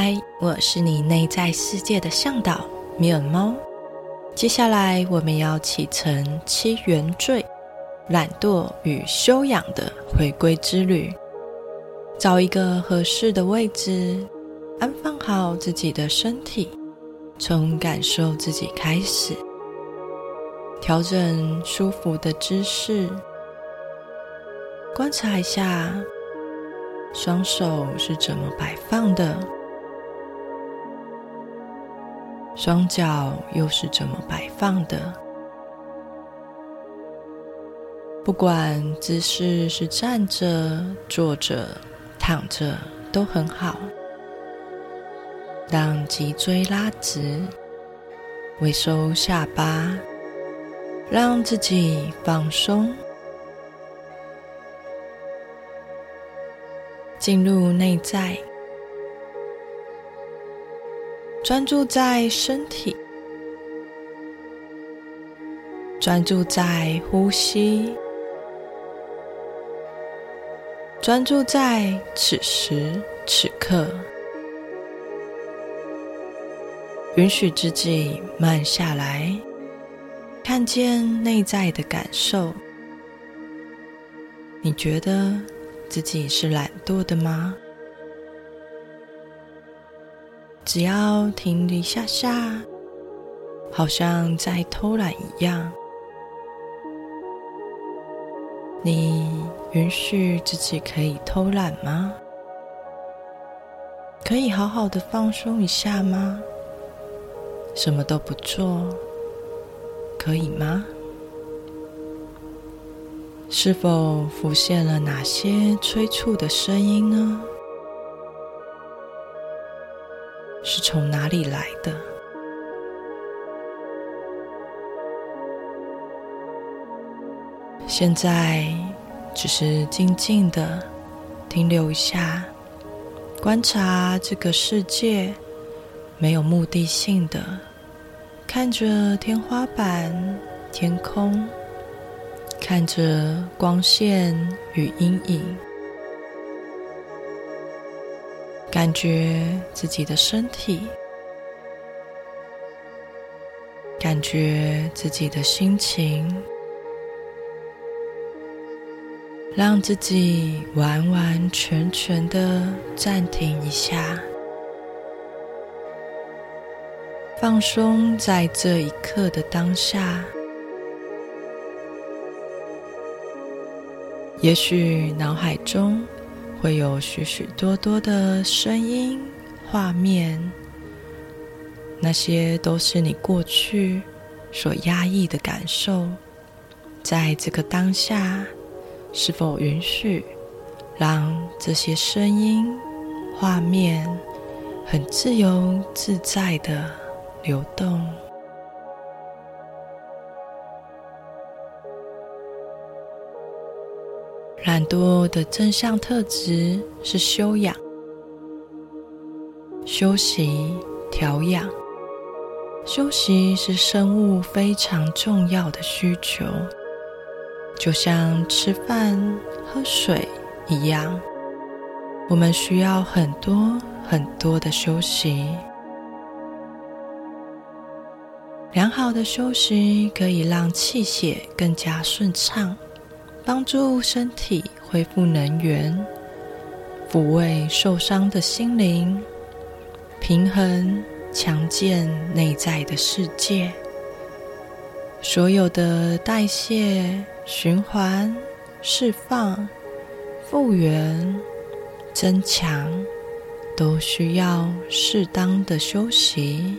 嗨，我是你內在世界的嚮導米爾貓。接下來我們要啟程七原罪、懶惰與休養的回歸之旅。找一個合適的位置，安放好自己的身體，從感受自己開始，調整舒服的姿勢，觀察一下雙手是怎麼擺放的。雙腳又是怎麼擺放的？不管姿勢是站着、坐着、躺着，都很好。讓脊椎拉直，微收下巴，讓自己放鬆，進入內在。專注在身體，專注在呼吸，專注在此時此刻，允許自己慢下來，看見內在的感受。你覺得自己是懶惰的嗎？只要停一下下，好像在偷懶一樣。你允許自己可以偷懶嗎？可以好好的放鬆一下嗎？什麼都不做，可以嗎？是否浮現了哪些催促的聲音呢？是從哪裡來的？現在只是靜靜地停留一下，觀察這個世界，沒有目的性的看着天花板、天空，看着光線與陰影。感覺自己的身體，感覺自己的心情，讓自己完完全全的暫停一下，放鬆在這一刻的當下。也許腦海中，會有許許多多的聲音、畫面，那些都是你過去所壓抑的感受，在這個當下，是否允許讓這些聲音、畫面很自由自在的流動？懶惰的正向特質是休養、休息、調養。休息是生物非常重要的需求，就像吃飯、喝水一樣，我們需要很多很多的休息。良好的休息可以讓氣血更加順暢。幫助身體恢復能源，撫慰受傷的心靈，平衡、強健內在的世界。所有的代謝、循環、釋放、復原、增強，都需要適當的休息。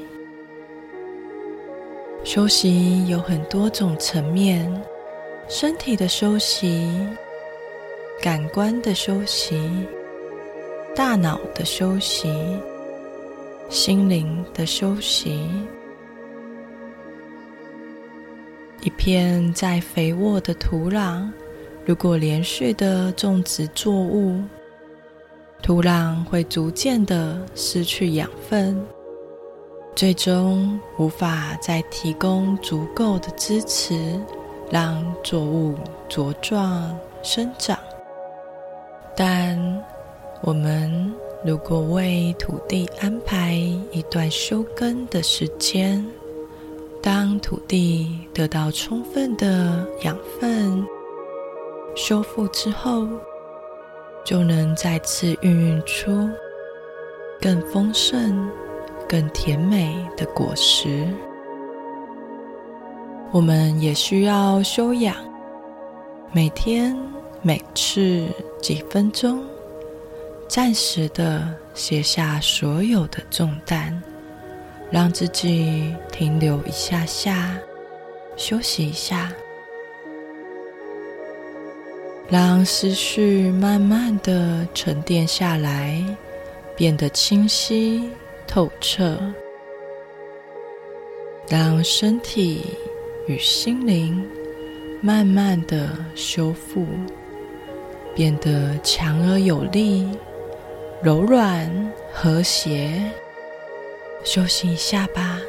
休息有很多種層面。身體的休息，感官的休息，大腦的休息，心靈的休息。一片再肥沃的土壤，如果連續的種植作物，土壤會逐漸的失去養分，最終無法再提供足夠的支持。讓作物茁壯生長，但我們如果為土地安排一段休耕的時間，當土地得到充分的養分修復之後，就能再次孕育出更豐盛、更甜美的果實。我們也需要休養，每天每次幾分鐘，暫時的卸下所有的重擔，讓自己停留一下下，休息一下，讓思緒慢慢的沉澱下來，變得清晰透徹，讓身體與心靈慢慢的修復，變得強而有力，柔軟和諧。休息一下吧。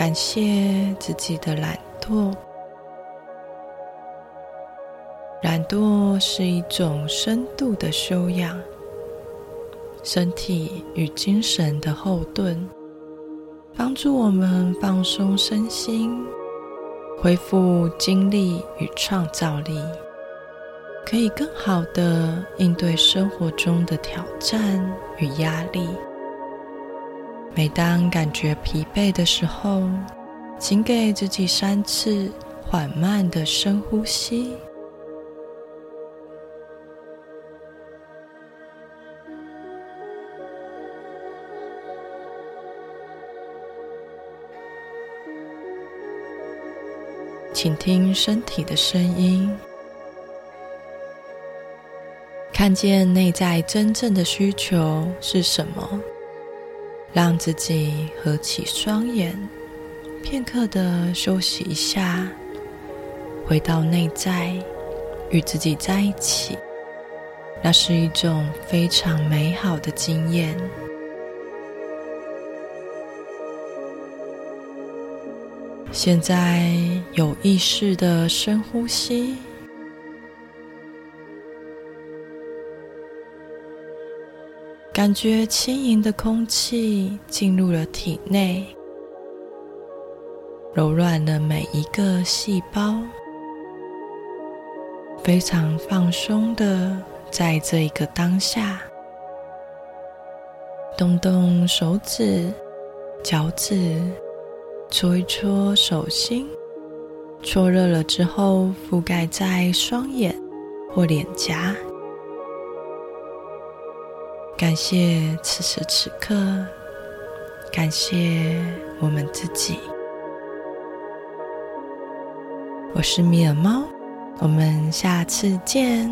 感謝自己的懶惰。懶惰是一種深度的修養，身體與精神的後盾，幫助我們放鬆身心，恢復精力與創造力，可以更好地應對生活中的挑戰與壓力。每當感覺疲憊的時候，請給自己三次緩慢的深呼吸。請聽身體的聲音，看見內在真正的需求是什麼。讓自己合起雙眼，片刻的休息一下，回到內在，與自己在一起，那是一種非常美好的經驗。現在有意識的深呼吸。感覺輕盈的空氣進入了體內，柔軟的每一個細胞，非常放鬆的在這一個當下，動動手指、腳趾，搓一搓手心，搓熱了之後覆蓋在雙眼或臉頰。感謝此時此刻，感謝我們自己。我是米爾貓，我們下次見。